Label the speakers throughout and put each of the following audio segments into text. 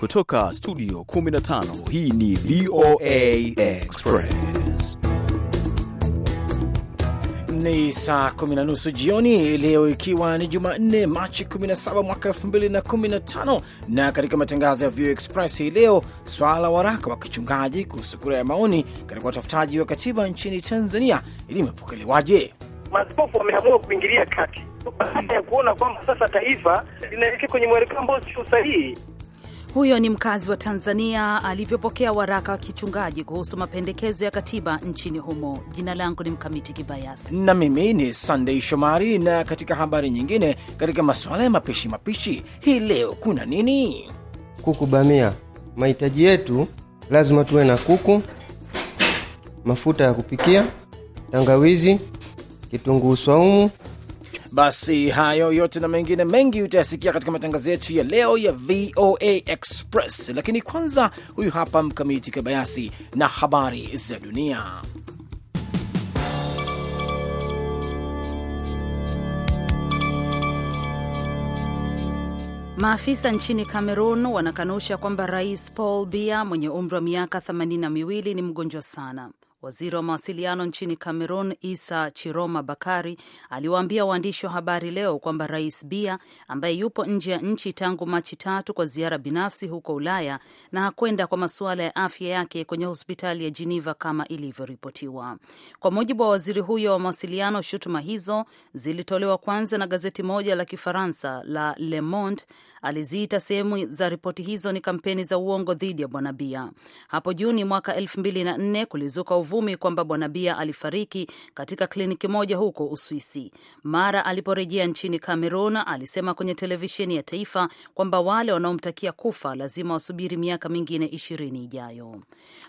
Speaker 1: Kutoka studio 15 hii ni VOA
Speaker 2: Express.
Speaker 3: Ni saa kumi na nusu jioni leo, ikiwa ni Jumanne Machi 17 mwaka 2015. Na katika matangazo ya VOA Express hii leo, swala la waraka wa kichungaji kuhusu kura ya maoni katika utafutaji wa katiba nchini Tanzania ilimepokelewaje?
Speaker 4: maskofu wameamua kuingilia kati baada ya
Speaker 3: kuona kwamba sasa taifa linaelekea kwenye
Speaker 4: mwelekeo ambao sio sahihi.
Speaker 5: Huyo ni mkazi wa Tanzania alivyopokea waraka wa kichungaji kuhusu mapendekezo ya katiba nchini humo. Jina langu ni Mkamiti Kibayasi na
Speaker 3: mimi ni Sandei Shomari. Na katika habari nyingine, katika masuala ya mapishi mapishi, hii leo kuna nini?
Speaker 6: Kuku bamia. Mahitaji yetu lazima tuwe na kuku, mafuta ya kupikia, tangawizi, kitunguu swaumu.
Speaker 3: Basi hayo yote na mengine mengi utayasikia katika matangazo yetu ya leo ya VOA Express, lakini kwanza, huyu hapa Mkamiti Kibayasi na habari za dunia.
Speaker 5: Maafisa nchini Cameroon wanakanusha kwamba Rais Paul bia mwenye umri wa miaka themanini na miwili ni mgonjwa sana. Waziri wa mawasiliano nchini Cameroon Isa Chiroma Bakari aliwaambia waandishi wa habari leo kwamba Rais bia ambaye yupo nje ya nchi tangu Machi tatu kwa ziara binafsi huko Ulaya na hakwenda kwa masuala ya afya yake kwenye hospitali ya Geneva kama ilivyoripotiwa. Kwa mujibu wa waziri huyo wa mawasiliano, shutuma hizo zilitolewa kwanza na gazeti moja la Kifaransa la Le Monde. Aliziita sehemu za ripoti hizo ni kampeni za uongo dhidi ya Bwana Hapo Juni mwaka 2004 kulizuka uvu uvumi kwamba Bwana Bia alifariki katika kliniki moja huko Uswisi. Mara aliporejea nchini Cameroon, alisema kwenye televisheni ya taifa kwamba wale wanaomtakia kufa lazima wasubiri miaka mingine ishirini ijayo.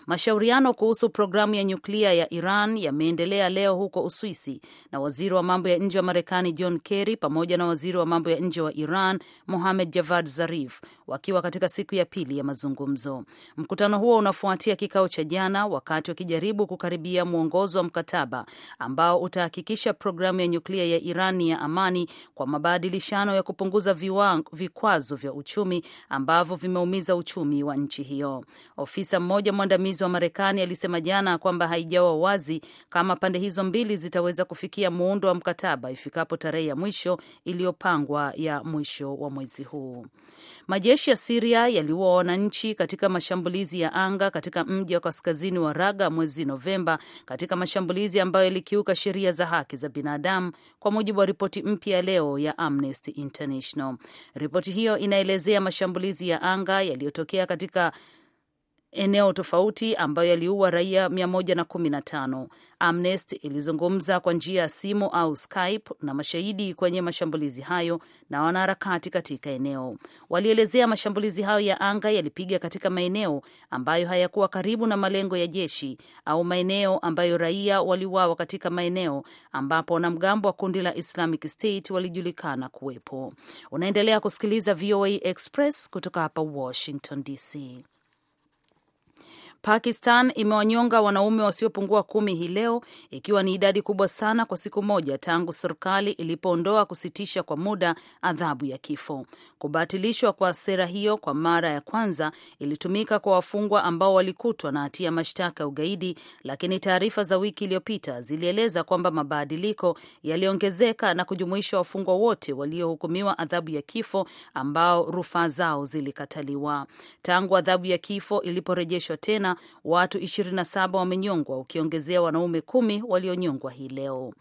Speaker 5: Mashauriano kuhusu programu ya nyuklia ya Iran yameendelea leo huko Uswisi, na waziri wa mambo ya nje wa Marekani John Kerry pamoja na waziri wa mambo ya nje wa Iran Mohamed Javad Zarif wakiwa katika siku ya pili ya mazungumzo. Mkutano huo unafuatia kikao cha jana, wakati wakijaribu kukaribia mwongozo wa mkataba ambao utahakikisha programu ya nyuklia ya Iran ya amani kwa mabadilishano ya kupunguza vikwazo vya uchumi ambavyo vimeumiza uchumi wa nchi hiyo. Ofisa mmoja mwandamizi wa Marekani alisema jana kwamba haijawa wazi kama pande hizo mbili zitaweza kufikia muundo wa mkataba ifikapo tarehe ya mwisho iliyopangwa ya mwisho wa mwezi huu. Majeshi ya Siria yaliua wananchi katika mashambulizi ya anga katika mji wa kaskazini wa Raga mwezi Novemba katika mashambulizi ambayo yalikiuka sheria za haki za binadamu, kwa mujibu wa ripoti mpya leo ya Amnesty International. Ripoti hiyo inaelezea mashambulizi ya anga yaliyotokea katika eneo tofauti ambayo yaliua raia 115. Amnesty ilizungumza kwa njia ya simu au Skype na mashahidi kwenye mashambulizi hayo na wanaharakati katika eneo. Walielezea mashambulizi hayo ya anga yalipiga katika maeneo ambayo hayakuwa karibu na malengo ya jeshi au maeneo ambayo raia waliuawa katika maeneo ambapo wanamgambo wa kundi la Islamic State walijulikana kuwepo. Unaendelea kusikiliza VOA Express kutoka hapa Washington DC. Pakistan imewanyonga wanaume wasiopungua kumi hii leo, ikiwa ni idadi kubwa sana kwa siku moja tangu serikali ilipoondoa kusitisha kwa muda adhabu ya kifo. Kubatilishwa kwa sera hiyo kwa mara ya kwanza ilitumika kwa wafungwa ambao walikutwa na hatia mashtaka ya ugaidi, lakini taarifa za wiki iliyopita zilieleza kwamba mabadiliko yaliongezeka na kujumuisha wafungwa wote waliohukumiwa adhabu ya kifo ambao rufaa zao zilikataliwa. Tangu adhabu ya kifo iliporejeshwa tena, watu 27 wamenyongwa ukiongezea wanaume kumi walionyongwa hii leo.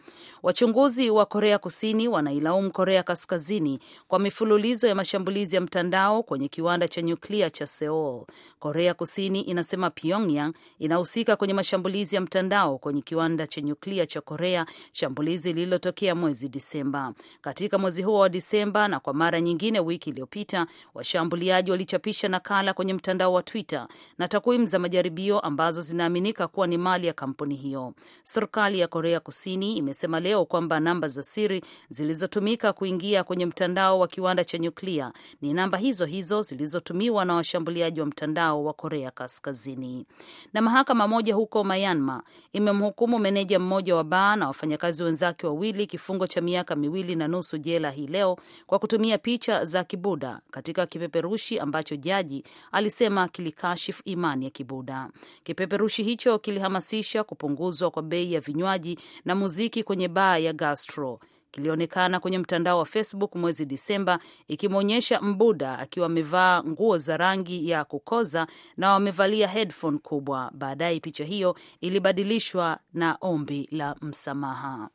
Speaker 5: Wachunguzi wa Korea Kusini wanailaumu Korea Kaskazini kwa mifululizo ya mashambulizi ya mtandao kwenye kiwanda cha nyuklia cha Seoul. Korea Kusini inasema Pyongyang inahusika kwenye mashambulizi ya mtandao kwenye kiwanda cha nyuklia cha Korea, shambulizi lililotokea mwezi Disemba. Katika mwezi huo wa Disemba na kwa mara nyingine wiki iliyopita, washambuliaji walichapisha nakala kwenye mtandao wa Twitter na takwimu za majaribio ambazo zinaaminika kuwa ni mali ya kampuni hiyo. Serikali ya Korea Kusini imesema leo kwamba namba za siri zilizotumika kuingia kwenye mtandao wa kiwanda cha nyuklia ni namba hizo hizo zilizotumiwa na washambuliaji wa mtandao wa Korea Kaskazini. Na mahakama moja huko Myanmar imemhukumu meneja mmoja wa baa na wafanyakazi wenzake wawili kifungo cha miaka miwili na nusu jela hii leo kwa kutumia picha za Kibuda katika kipeperushi ambacho jaji alisema kilikashifu imani ya Kibuda muda. Kipeperushi hicho kilihamasisha kupunguzwa kwa bei ya vinywaji na muziki kwenye baa ya Gastro. Kilionekana kwenye mtandao wa Facebook mwezi Disemba, ikimwonyesha Mbuda akiwa amevaa nguo za rangi ya kukoza na wamevalia headphone kubwa. Baadaye picha hiyo ilibadilishwa na ombi la msamaha.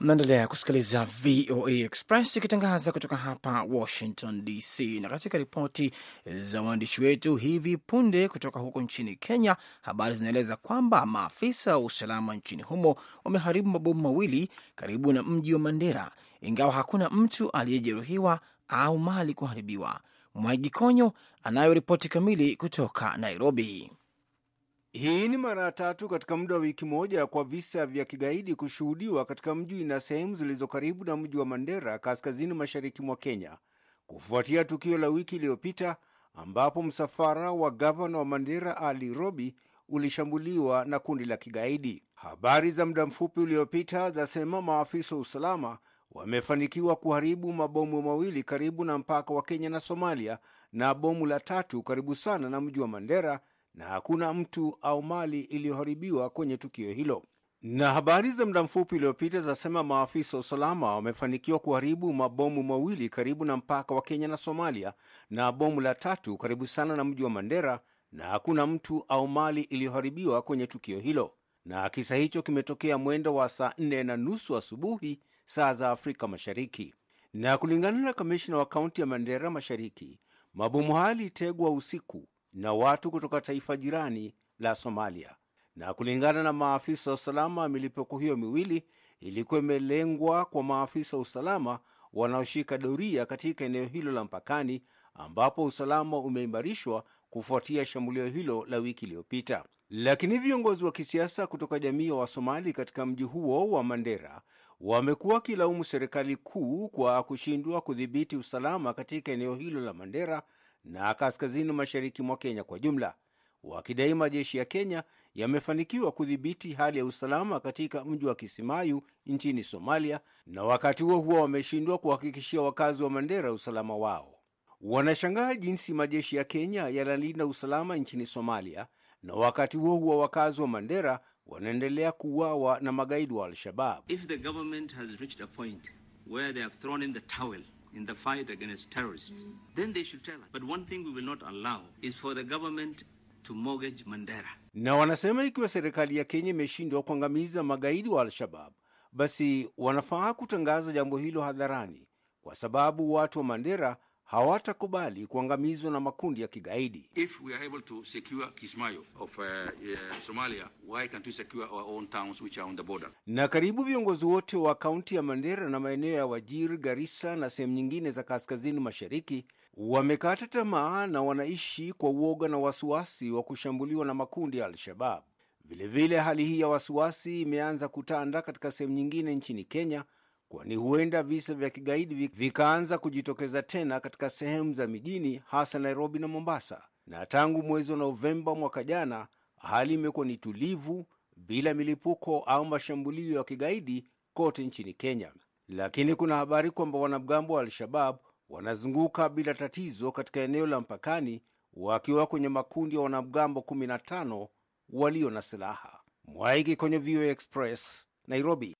Speaker 3: Mnaendelea kusikiliza VOA Express ikitangaza kutoka hapa Washington DC. Na katika ripoti za waandishi wetu hivi punde kutoka huko nchini Kenya, habari zinaeleza kwamba maafisa wa usalama nchini humo wameharibu mabomu mawili karibu na mji wa Mandera, ingawa hakuna mtu aliyejeruhiwa au mali kuharibiwa. Mwagi Konyo anayo ripoti kamili kutoka Nairobi. Hii ni
Speaker 7: mara tatu katika muda wa wiki moja kwa visa vya kigaidi kushuhudiwa katika mji na sehemu zilizo karibu na mji wa Mandera kaskazini mashariki mwa Kenya kufuatia tukio la wiki iliyopita ambapo msafara wa gavana wa Mandera Ali Robi ulishambuliwa na kundi la kigaidi. Habari za muda mfupi uliopita zasema maafisa wa usalama wamefanikiwa kuharibu mabomu mawili karibu na mpaka wa Kenya na Somalia na bomu la tatu karibu sana na mji wa Mandera na hakuna mtu au mali iliyoharibiwa kwenye tukio hilo. Na habari za muda mfupi uliopita zinasema maafisa wa usalama wamefanikiwa kuharibu mabomu mawili karibu na mpaka wa Kenya na Somalia na bomu la tatu karibu sana na mji wa Mandera, na hakuna mtu au mali iliyoharibiwa kwenye tukio hilo. Na kisa hicho kimetokea mwendo wa saa nne na nusu asubuhi saa za Afrika Mashariki. Na kulingana na kamishina wa kaunti ya Mandera Mashariki, mabomu hayo yalitegwa usiku na watu kutoka taifa jirani la Somalia. Na kulingana na maafisa wa usalama, milipuko hiyo miwili ilikuwa imelengwa kwa maafisa wa usalama wanaoshika doria katika eneo hilo la mpakani, ambapo usalama umeimarishwa kufuatia shambulio hilo la wiki iliyopita. Lakini viongozi wa kisiasa kutoka jamii ya Wasomali katika mji huo wa Mandera wamekuwa wakilaumu serikali kuu kwa kushindwa kudhibiti usalama katika eneo hilo la Mandera na kaskazini mashariki mwa Kenya kwa jumla, wakidai majeshi ya Kenya yamefanikiwa kudhibiti hali ya usalama katika mji wa Kisimayu nchini Somalia, na wakati huo huo wameshindwa kuhakikishia wakazi wa Mandera usalama wao. Wanashangaa jinsi majeshi ya Kenya yanalinda usalama nchini Somalia, na wakati huo huo wakazi wa Mandera wanaendelea kuuawa na magaidi wa Al-Shabab. If the government has reached a point where they have thrown in the towel in the fight against terrorists, mm. then they should tell us. But one thing we will not allow is for the government to mortgage Mandera. Na wanasema ikiwa serikali ya Kenya imeshindwa kuangamiza magaidi wa Al-Shabab, basi wanafaa kutangaza jambo hilo hadharani, kwa sababu watu wa Mandera hawatakubali kuangamizwa na makundi ya kigaidi. If we are able to secure Kismayo of uh, uh, Somalia, why can't we secure our own towns which are on the border? Na karibu viongozi wote wa kaunti ya Mandera na maeneo ya Wajir, Garissa na sehemu nyingine za kaskazini mashariki wamekata tamaa na wanaishi kwa uoga na wasiwasi wa kushambuliwa na makundi ya Al-Shabab. Vilevile, hali hii ya wasiwasi imeanza kutanda katika sehemu nyingine nchini Kenya kwani huenda visa vya kigaidi vikaanza kujitokeza tena katika sehemu za mijini, hasa Nairobi na Mombasa. Na tangu mwezi wa Novemba mwaka jana, hali imekuwa ni tulivu bila milipuko au mashambulio ya kigaidi kote nchini Kenya, lakini kuna habari kwamba wanamgambo wa Al-Shabab wanazunguka bila tatizo katika eneo la mpakani wakiwa kwenye makundi ya wanamgambo 15 walio na silaha. Mwaiki kwenye VOA Express, Nairobi.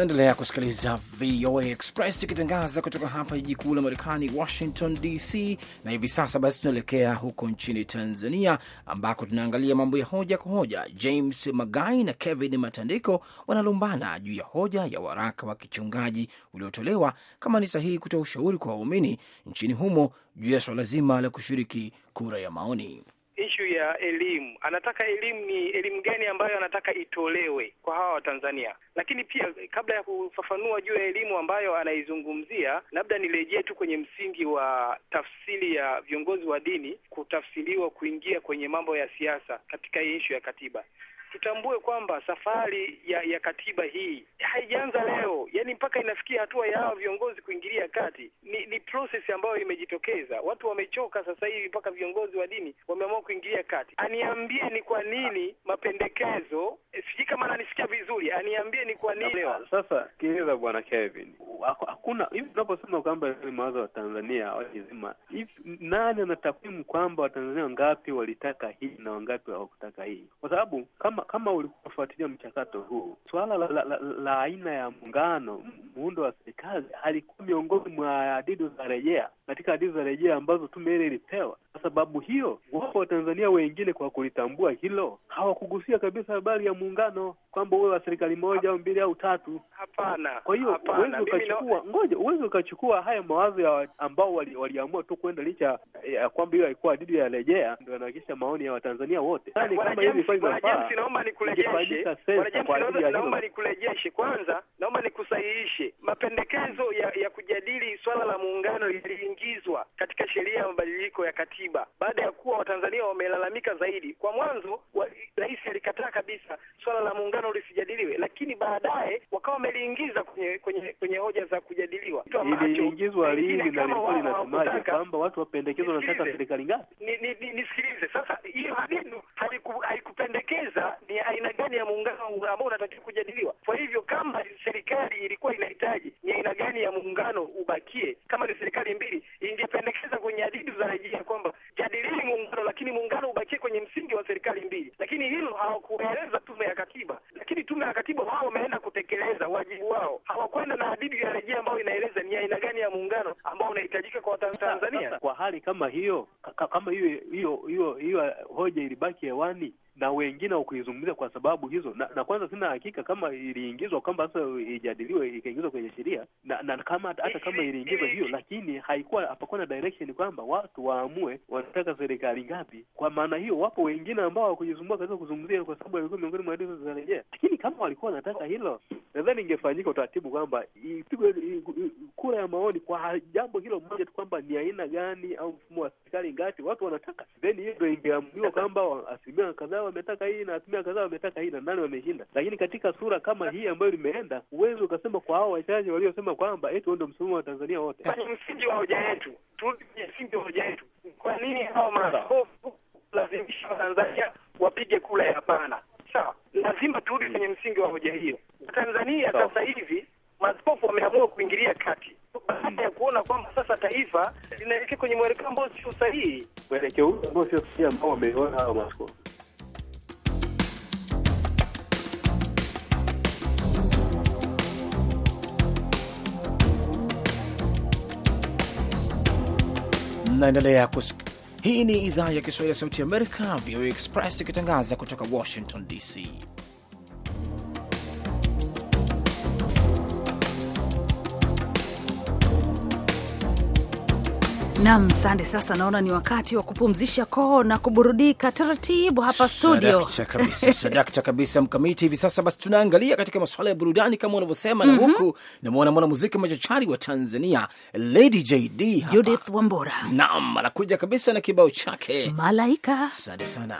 Speaker 3: Naendelea kusikiliza VOA Express ikitangaza kutoka hapa jiji kuu la Marekani, Washington DC. Na hivi sasa basi, tunaelekea huko nchini Tanzania ambako tunaangalia mambo ya hoja kwa hoja. James Magai na Kevin Matandiko wanalumbana juu ya hoja ya waraka wa kichungaji uliotolewa kama ni sahihi kutoa ushauri kwa waumini nchini humo juu ya swala zima la kushiriki kura ya maoni
Speaker 4: ishu ya elimu, anataka elimu ni elimu gani ambayo anataka itolewe kwa hawa Watanzania. Lakini pia kabla ya kufafanua juu ya elimu ambayo anaizungumzia, labda nirejee tu kwenye msingi wa tafsiri ya viongozi wa dini kutafsiriwa kuingia kwenye mambo ya siasa katika hii ishu ya katiba tutambue kwamba safari ya ya katiba hii haijaanza leo, yani mpaka inafikia hatua ya hawa viongozi kuingilia kati. Ni, ni process ambayo imejitokeza. Watu wamechoka sasa hivi, mpaka viongozi wa dini wameamua kuingilia kati. Aniambie ni kwa nini mapendekezo, eh, sijui kama ananisikia vizuri, aniambie ni kwa nini leo.
Speaker 2: Sasa kieleza Bwana Kevin, hakuna hivi tunaposema kwamba mawazo wa Tanzania wajizima hivi, nani ana takwimu kwamba Watanzania wangapi walitaka hii na wangapi hawakutaka hii? Kwa sababu kama kama kama ulikuwa mchakato huu, suala la, la, la, la aina ya muungano, muundo wa serikali halikuwa miongoni mwa adidu za rejea katika adidu za rejea ambazo tume ile ilipewa. Kwa sababu hiyo, wapo Watanzania wengine kwa kulitambua hilo hawakugusia kabisa habari ya muungano, kwamba uwe wa serikali moja au mbili au tatu. Hapana. Kwa hiyo uwezi ukachukua, ngoja, uwezi ukachukua haya mawazo ya ambao waliamua wali tu kwenda licha ya kwamba hiyo haikuwa adidu ya rejea, ndio yanahakikisha maoni ya Watanzania wote, yaani kama hivi naomba nikurejeshe, naomba
Speaker 4: nikurejeshe kwanza, naomba nikusahihishe. Mapendekezo ya, ya kujadili swala la muungano yaliingizwa katika sheria ya mabadiliko ya katiba baada ya kuwa Watanzania wamelalamika zaidi. Kwa mwanzo rais alikataa kabisa swala la muungano lisijadiliwe, lakini baadaye wakawa wameliingiza kwenye, kwenye kwenye hoja za kujadiliwa. Iliingizwa lini na lilikuwa linasemaje
Speaker 2: kwamba watu wapendekezwa wanataka serikali ngapi?
Speaker 4: Nisikilize sasa, hiyo haikupendekeza ni aina gani ya muungano ambao unatakiwa kujadiliwa. Kwa hivyo kama serikali ilikuwa inahitaji ni aina gani ya muungano ubakie, kama ni serikali mbili, ingependekeza kwenye hadidu za rejea kwamba jadilini muungano, lakini muungano ubakie kwenye msingi wa serikali mbili. Lakini hilo hawakueleza tume ya katiba, lakini tume ya katiba wao wameenda kutekeleza wajibu wao, hawakwenda na hadidu ya rejea ambayo inaeleza ni aina gani ya muungano
Speaker 2: ambao unahitajika kwa Tanzania. Kwa hali kama hiyo, kama hiyo hiyo hiyo hoja ilibaki hewani na wengine wakuizungumzia kwa sababu hizo, na, na kwanza sina hakika kama iliingizwa kwamba sasa ijadiliwe ikaingizwa kwenye sheria, na, na kama hata kama iliingizwa hiyo, lakini haikuwa hapakuwa na direction kwamba watu waamue wanataka serikali ngapi. Kwa maana hiyo, wapo wengine ambao hawakujisumbua katika kuzungumzia, kwa sababu walikuwa miongoni mwa hizo zinarejea, lakini kama walikuwa wanataka hilo, nadhani ingefanyika utaratibu kwamba ipigwe kura ya maoni kwa jambo hilo moja tu, kwamba ni aina gani au mfumo wa serikali ngapi watu wanataka, then hiyo ndo ingeamuliwa kwamba asilimia kadhaa wametaka hii na asilimia kadhaa wametaka hii na nani wameshinda. Lakini katika sura kama hii ambayo limeenda, huwezi ukasema kwa hao wachache waliosema kwamba eti ndio msimamo wa Tanzania wote, Kwa msingi wa hoja yetu,
Speaker 4: turudi kwenye msingi wa hoja yetu. Kwa nini hao maaskofu lazimisha Watanzania wapige kula ya hapana? Sawa, lazima turudi kwenye msingi wa hoja hiyo. Tanzania sasa hivi maaskofu wameamua kuingilia kati baada ya kuona kwamba sasa taifa linaelekea kwenye mwelekeo ambao sio sahihi,
Speaker 2: mwelekeo ambao sio sahihi ambao wameona hao maaskofu
Speaker 3: mnaendelea kus... Hii ni idhaa ya Kiswahili ya Sauti Amerika, VOA Express, ikitangaza kutoka Washington DC.
Speaker 5: Nam sande. Sasa naona ni wakati wa kupumzisha koo na kuburudika taratibu hapa studio. Sadakta kabisa,
Speaker 3: sadakta kabisa mkamiti. Hivi sasa basi tunaangalia katika masuala ya burudani kama unavyosema mm -hmm. na mhm. huku namwona mwanamuziki machachari wa Tanzania Lady JD Judith Wambora, Nam anakuja kabisa na kibao chake Malaika. Sante sana.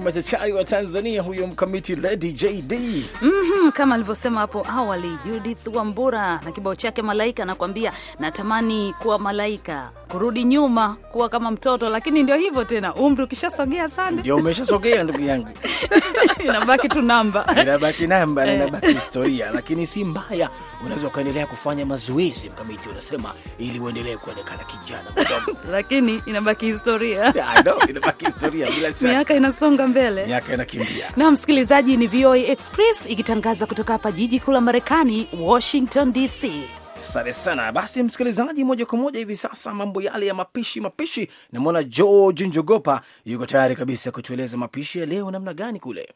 Speaker 3: wetu machachari wa Tanzania, huyo mkamiti Lady
Speaker 5: JD. mm -hmm, kama alivyosema hapo awali Judith Wambura na kibao chake Malaika, anakuambia natamani kuwa malaika, kurudi nyuma kuwa kama mtoto, lakini ndio hivyo tena, umri ukishasogea sana, ndio umeshasogea ndugu yangu inabaki tu namba,
Speaker 3: inabaki namba na eh. inabaki historia, lakini si mbaya, unaweza ukaendelea kufanya mazoezi mkamiti, unasema ili uendelee kuonekana kijana lakini inabaki historia, inabaki historia bila shaka,
Speaker 5: miaka inasonga mbele,
Speaker 3: miaka inakimbia.
Speaker 5: Na msikilizaji, ni VOA Express ikitangaza kutoka hapa jiji kuu la Marekani, Washington DC. Asante
Speaker 3: sana. Basi msikilizaji, moja kwa moja hivi sasa, mambo yale ya mapishi mapishi, namwona George Njogopa yuko tayari kabisa kutueleza mapishi ya leo namna gani kule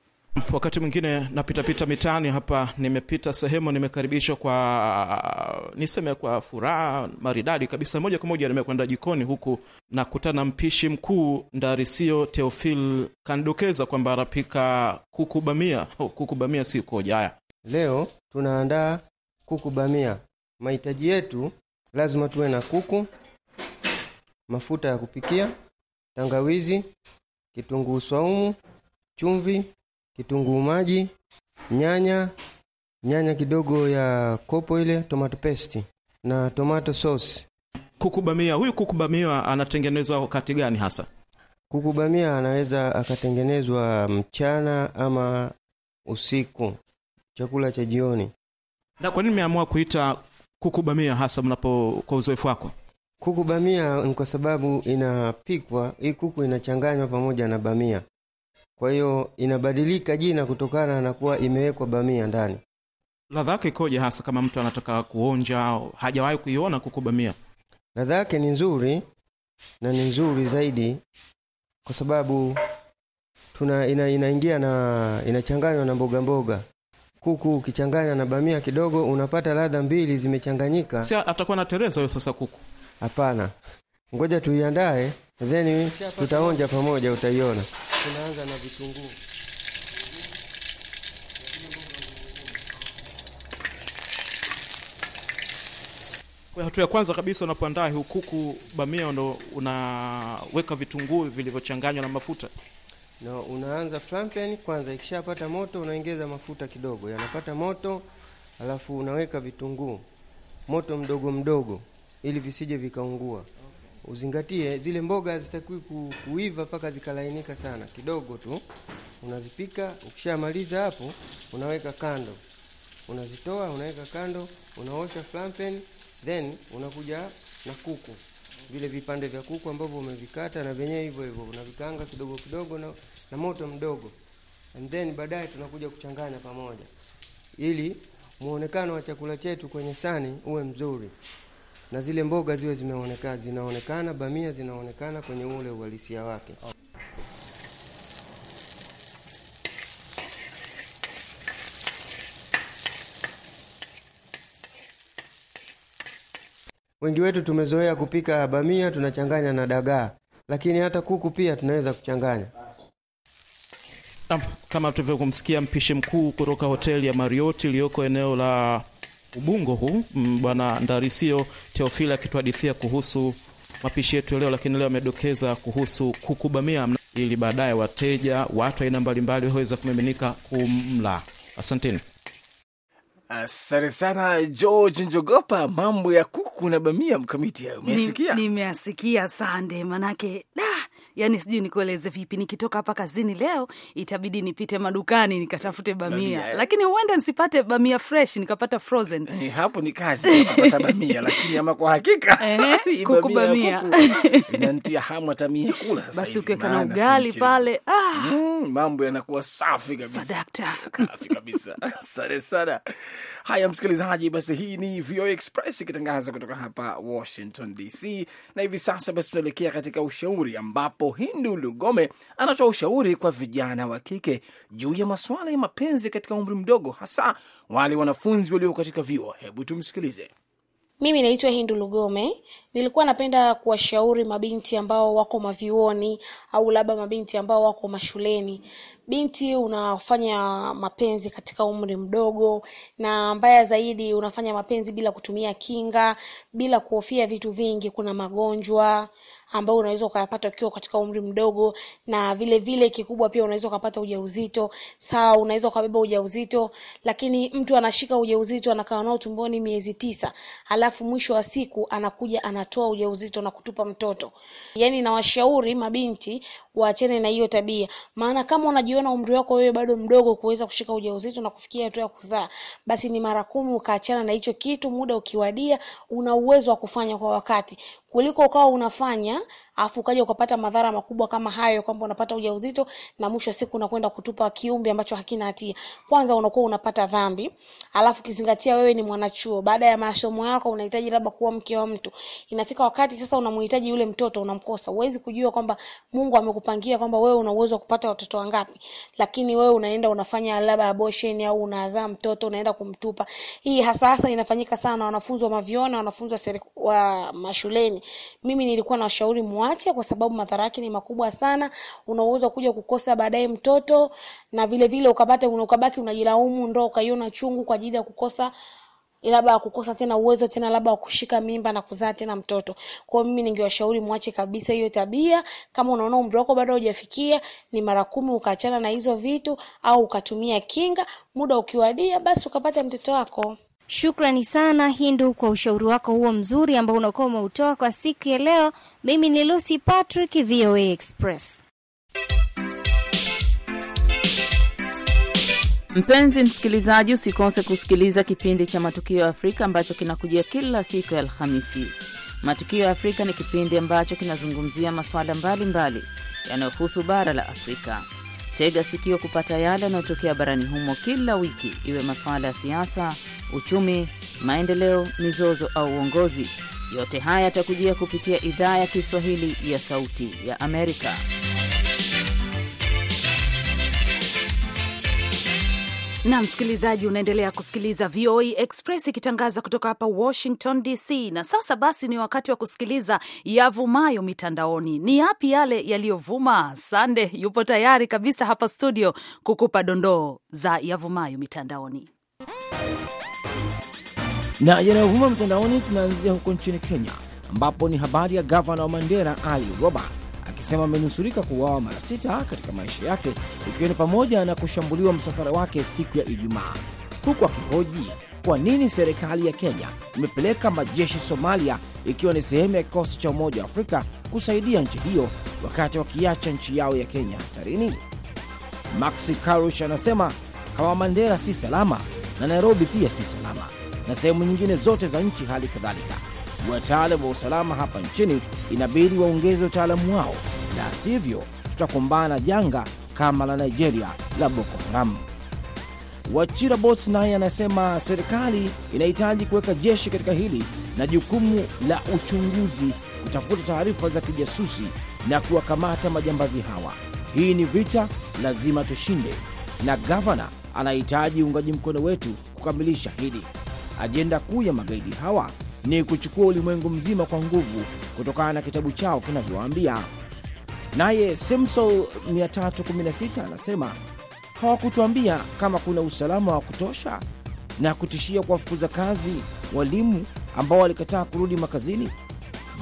Speaker 3: Wakati
Speaker 1: mwingine napitapita mitaani hapa, nimepita sehemu, nimekaribishwa kwa niseme kwa furaha maridadi kabisa. Moja kwa moja nimekwenda jikoni huku na kutana mpishi mkuu Ndarisio Teofil, kandokeza kwamba anapika kuku bamia. Oh,
Speaker 6: kuku bamia si koja. Haya, leo tunaandaa kuku bamia. Mahitaji yetu lazima tuwe na kuku, mafuta ya kupikia, tangawizi, kitunguu swaumu, chumvi kitunguu maji, nyanya, nyanya kidogo ya kopo ile, tomato paste na tomato sauce.
Speaker 1: Kukubamia, huyu kukubamia anatengenezwa wakati gani hasa?
Speaker 6: Kukubamia anaweza akatengenezwa mchana ama usiku, chakula cha jioni.
Speaker 1: Na kwa nini mmeamua kuita kukubamia hasa mnapo, kwa uzoefu wako?
Speaker 6: Kuku bamia ni kwa sababu inapikwa, hii kuku inachanganywa pamoja na bamia. Kwa hiyo inabadilika jina kutokana na kuwa imewekwa bamia ndani.
Speaker 1: Ladha yake ikoja hasa kama mtu anataka kuonja, hajawahi kuiona kuku bamia?
Speaker 6: Ladha yake ni nzuri na ni nzuri zaidi kwa sababu tuna ina, inaingia na inachanganywa na mboga mboga kuku ukichanganya na bamia kidogo unapata ladha mbili zimechanganyika. atakuwa na tereza huyo sasa kuku? Hapana, ngoja tuiandae then tutaonja pamoja, utaiona. Tunaanza na vitunguu.
Speaker 1: Kwa hatua ya kwanza kabisa unapoandaa hukuku kuku bamia, ndo unaweka vitunguu vilivyochanganywa
Speaker 6: na mafuta. No, unaanza flampen kwanza. Ikishapata moto, unaongeza mafuta kidogo, yanapata moto, alafu unaweka vitunguu moto mdogo mdogo, ili visije vikaungua uzingatie zile mboga zitakiwi ku, kuiva mpaka zikalainika sana, kidogo tu unazipika. Ukishamaliza hapo, unaweka kando, unazitoa unaweka kando, unaosha flampen, then unakuja na kuku, vile vipande vya kuku ambavyo umevikata na vyenyewe hivyo hivyo unavikaanga kidogo kidogo na, na moto mdogo, and then baadaye tunakuja kuchanganya pamoja, ili muonekano wa chakula chetu kwenye sani uwe mzuri na zile mboga ziwe zimeonekana, zinaonekana bamia zinaonekana kwenye ule uhalisia wake. Wengi wetu tumezoea kupika bamia tunachanganya na dagaa, lakini hata kuku pia tunaweza kuchanganya.
Speaker 1: Kama tulivyokumsikia mpishi mkuu kutoka hoteli ya Marriott iliyoko eneo la Ubungo huu mm, bwana Ndarisio Teofili akituhadithia kuhusu mapishi yetu leo, lakini leo amedokeza kuhusu kukubamia ili baadaye wateja watu aina mbalimbali waweza kumiminika kumla.
Speaker 3: Asanteni. Asante sana George Njogopa, mambo ya kuku na bamia mkamiti umesikia?
Speaker 5: Nimeasikia sande, manake da yani sijui nikueleze vipi, nikitoka hapa kazini leo itabidi nipite madukani nikatafute bamia, bamia, lakini huenda nisipate bamia fresh nikapata frozen. Eh, hapo ni kazi kupata
Speaker 3: bamia, lakini ama kwa hakika
Speaker 5: kuku bamia inanitia hamu hata
Speaker 3: mimi kula sasa. Basi ukiweka na ugali pale, ah, mm, mambo yanakuwa safi kabisa, sadakta safi kabisa. Sare sana. Haya msikilizaji, basi hii ni VOA Express ikitangaza kutoka hapa Washington DC, na hivi sasa basi tunaelekea katika ushauri, ambapo Hindu Lugome anatoa ushauri kwa vijana wa kike juu ya masuala ya mapenzi katika umri mdogo, hasa wale wanafunzi walio katika vyuo. Hebu tumsikilize.
Speaker 8: Mimi naitwa Hindu Lugome. Nilikuwa napenda kuwashauri mabinti ambao wako mavioni au labda mabinti ambao wako mashuleni. Binti unafanya mapenzi katika umri mdogo na mbaya zaidi unafanya mapenzi bila kutumia kinga, bila kuhofia vitu vingi, kuna magonjwa ambao unaweza ukayapata ukiwa katika umri mdogo, na vile vile kikubwa pia unaweza ukapata ujauzito. Sawa, unaweza ukabeba ujauzito, lakini mtu anashika ujauzito anakaa nao tumboni miezi tisa, halafu mwisho wa siku anakuja anatoa ujauzito na kutupa mtoto. Yani nawashauri mabinti waachane na hiyo tabia, maana kama unajiona umri wako wewe bado mdogo kuweza kushika ujauzito na kufikia hatua ya kuzaa, basi ni mara kumi ukaachana na hicho kitu. Muda ukiwadia, una uwezo wa kufanya kwa wakati kuliko ukawa unafanya afu ukaja ukapata madhara makubwa kama hayo kwamba unapata ujauzito na mwisho wa siku unakwenda kutupa kiumbe ambacho hakina hatia kwanza unakuwa unapata dhambi alafu kizingatia wewe ni mwanachuo baada ya masomo yako unahitaji labda kuwa mke wa mtu inafika wakati sasa unamhitaji yule mtoto unamkosa huwezi kujua kwamba mungu amekupangia kwamba wewe una uwezo wa kupata watoto wangapi lakini wewe unaenda unafanya labda abortion au unazaa mtoto unaenda kumtupa hii hasa hasa inafanyika sana na wanafunzi wa maviona wanafunzi wa, wa mashuleni mimi nilikuwa na washauri mwa muache, kwa sababu madhara yake ni makubwa sana. Unaweza kuja kukosa baadaye mtoto na vile vile ukapata unakabaki unajilaumu, ndo ukaiona chungu kwa ajili ya kukosa labda ya kukosa tena uwezo tena labda wa kushika mimba na kuzaa tena mtoto. Kwa hiyo mimi ningewashauri mwache kabisa hiyo tabia. Kama unaona umri wako bado haujafikia, ni mara kumi ukaachana na hizo vitu, au ukatumia kinga, muda ukiwadia, basi ukapata mtoto wako. Shukrani sana Hindu kwa ushauri wako huo mzuri ambao unakuwa umeutoa kwa siku ya leo. Mimi ni Lucy Patrick, VOA
Speaker 5: Express. Mpenzi msikilizaji, usikose kusikiliza kipindi cha Matukio ya Afrika ambacho kinakujia kila siku ya Alhamisi. Matukio ya Afrika ni kipindi ambacho kinazungumzia masuala mbalimbali yanayohusu bara la Afrika. Tega sikio kupata yale yanayotokea barani humo kila wiki, iwe masuala ya siasa uchumi, maendeleo, mizozo au uongozi. Yote haya yatakujia kupitia idhaa ya Kiswahili ya Sauti ya Amerika. na msikilizaji, unaendelea kusikiliza VOA e Express ikitangaza kutoka hapa Washington DC. Na sasa basi, ni wakati wa kusikiliza yavumayo mitandaoni. Ni yapi yale yaliyovuma? Sande yupo tayari kabisa hapa studio kukupa dondoo za yavumayo mitandaoni.
Speaker 3: Na yanayovuma mtandaoni, tunaanzia huko nchini Kenya ambapo ni habari ya gavana wa Mandera Ali Roba akisema amenusurika kuuawa mara sita katika maisha yake ikiwa ni pamoja na kushambuliwa msafara wake siku ya Ijumaa, huku akihoji kwa nini serikali ya Kenya imepeleka majeshi Somalia ikiwa ni sehemu ya kikosi cha Umoja wa Afrika kusaidia nchi hiyo wakati wakiacha nchi yao ya Kenya hatarini. Maxi Karush anasema kama Mandera si salama na Nairobi pia si salama na sehemu nyingine zote za nchi. Hali kadhalika, wataalam wa usalama hapa nchini inabidi waongeze utaalamu wao, na sivyo tutakumbana janga kama la Nigeria la Boko Haram. Wachira Bots naye anasema serikali inahitaji kuweka jeshi katika hili na jukumu la uchunguzi, kutafuta taarifa za kijasusi na kuwakamata majambazi hawa. Hii ni vita, lazima tushinde, na gavana anahitaji uungaji mkono wetu kukamilisha hili. Ajenda kuu ya magaidi hawa ni kuchukua ulimwengu mzima kwa nguvu, kutokana na kitabu chao kinavyowaambia. Naye Simsol 316 anasema hawakutuambia kama kuna usalama wa kutosha, na kutishia kuwafukuza kazi walimu ambao walikataa kurudi makazini.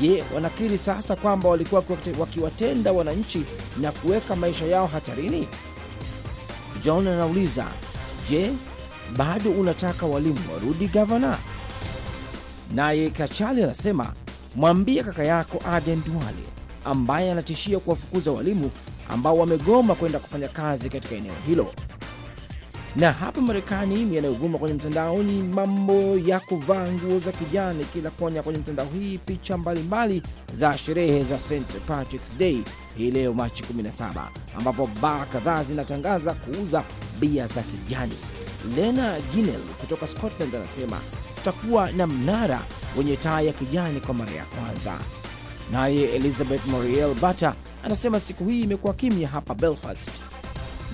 Speaker 3: Je, wanakiri sasa kwamba walikuwa wakiwatenda wananchi na kuweka maisha yao hatarini? John anauliza, je, bado unataka walimu warudi gavana? Naye Kachali anasema mwambie kaka yako Aden Duale ambaye anatishia kuwafukuza walimu ambao wamegoma kwenda kufanya kazi katika eneo hilo. Na hapa Marekani, yanayovuma kwenye mtandao ni mambo ya kuvaa nguo za kijani kila konya kwenye mtandao, hii picha mbalimbali mbali za sherehe za St Patrick's Day hii leo Machi 17, ambapo baa kadhaa zinatangaza kuuza bia za kijani. Lena Ginel kutoka Scotland anasema tutakuwa na mnara wenye taa ya kijani kwa mara ya kwanza. Naye Elizabeth Moriel Bata anasema siku hii imekuwa kimya hapa Belfast.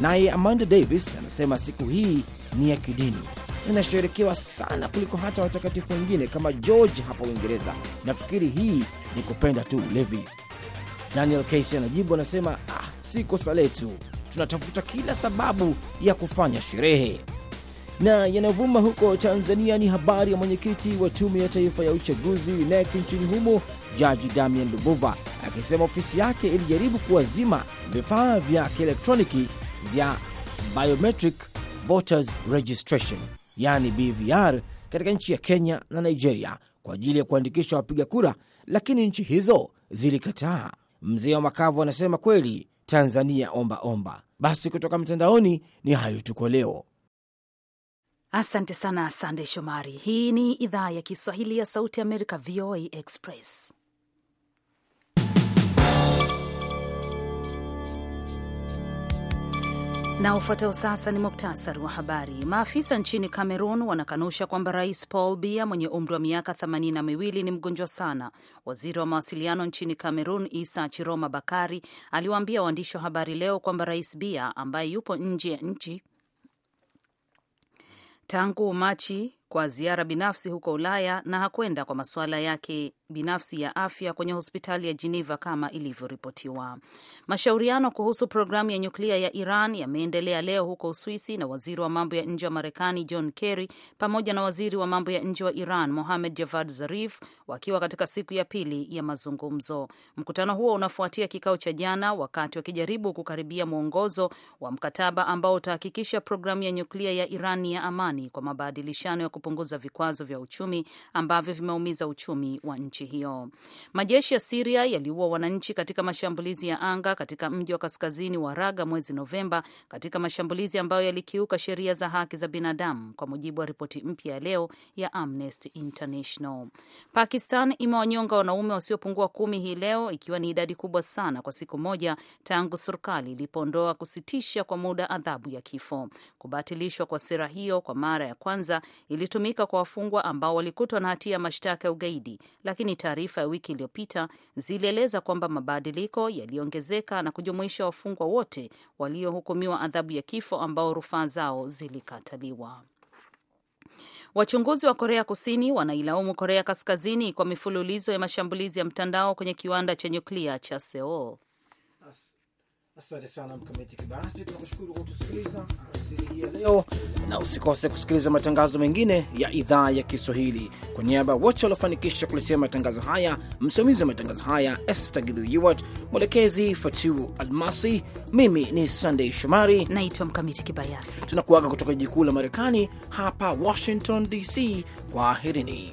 Speaker 3: Naye Amanda Davis anasema siku hii ni ya kidini, inasherekewa sana kuliko hata watakatifu wengine kama George hapa Uingereza. Nafikiri hii ni kupenda tu ulevi. Daniel Casey anajibu anasema, ah, si kosa letu, tunatafuta kila sababu ya kufanya sherehe. Na yanayovuma huko Tanzania ni habari ya mwenyekiti wa tume ya taifa ya uchaguzi NEC nchini humo, Jaji Damian Lubuva akisema ofisi yake ilijaribu kuwazima vifaa vya kielektroniki vya biometric voters registration, yani BVR, katika nchi ya Kenya na Nigeria kwa ajili ya kuandikisha wapiga kura, lakini nchi hizo zilikataa. Mzee wa makavu anasema kweli Tanzania omba omba. Basi kutoka mtandaoni ni hayo tuko leo.
Speaker 5: Asante sana Sande Shomari. Hii ni idhaa ya Kiswahili ya Sauti Amerika, VOA Express. Na ufuatao sasa ni muktasari wa habari. Maafisa nchini Cameroon wanakanusha kwamba Rais Paul Biya mwenye umri wa miaka themanini na miwili ni mgonjwa sana. Waziri wa mawasiliano nchini Cameroon Isa Chiroma Bakari aliwaambia waandishi wa habari leo kwamba Rais Biya ambaye yupo nje ya nchi Tangu Machi kwa ziara binafsi huko Ulaya na hakwenda kwa masuala yake binafsi ya afya kwenye hospitali ya Geneva kama ilivyoripotiwa. Mashauriano kuhusu programu ya nyuklia ya Iran yameendelea leo huko Uswisi na waziri wa mambo ya nje wa Marekani John Kerry pamoja na waziri wa mambo ya nje wa Iran Mohamed Javad Zarif wakiwa katika siku ya pili ya mazungumzo. Mkutano huo unafuatia kikao cha jana, wakati wakijaribu kukaribia mwongozo wa mkataba ambao utahakikisha programu ya nyuklia ya Iran ya amani kwa mabadilishano ya kupunguza vikwazo vya uchumi ambavyo vimeumiza uchumi wa nchi hiyo. Majeshi ya Siria yaliua wananchi katika mashambulizi ya anga katika mji wa kaskazini wa Raga mwezi Novemba, katika mashambulizi ambayo yalikiuka sheria za haki za binadamu, kwa mujibu wa ripoti mpya ya leo ya Amnesty International. Pakistan imewanyonga wanaume wasiopungua kumi hii leo, ikiwa ni idadi kubwa sana kwa siku moja tangu serikali ilipoondoa kusitisha kwa muda adhabu ya kifo. Kubatilishwa kwa sera hiyo kwa mara ya kwanza ili zilitumika kwa wafungwa ambao walikutwa na hatia ya mashtaka ya ugaidi, lakini taarifa ya wiki iliyopita zilieleza kwamba mabadiliko yaliongezeka na kujumuisha wafungwa wote waliohukumiwa adhabu ya kifo ambao rufaa zao zilikataliwa. Wachunguzi wa Korea Kusini wanailaumu Korea Kaskazini kwa mifululizo ya mashambulizi ya mtandao kwenye kiwanda cha nyuklia cha Seoul.
Speaker 3: Asante sana Mkamiti Kibayasi, tunakushukuru kwa kutusikiliza alasiri ya leo, na usikose kusikiliza matangazo mengine ya idhaa ya Kiswahili. Kwa niaba ya wote waliofanikisha kuletea matangazo haya, msimamizi wa matangazo haya Esther Githuiwat, mwelekezi Fatiu Almasi, mimi ni Sandey Shomari naitwa Mkamiti Kibayasi, tunakuaga kutoka jiji kuu la Marekani hapa Washington DC. Kwaherini.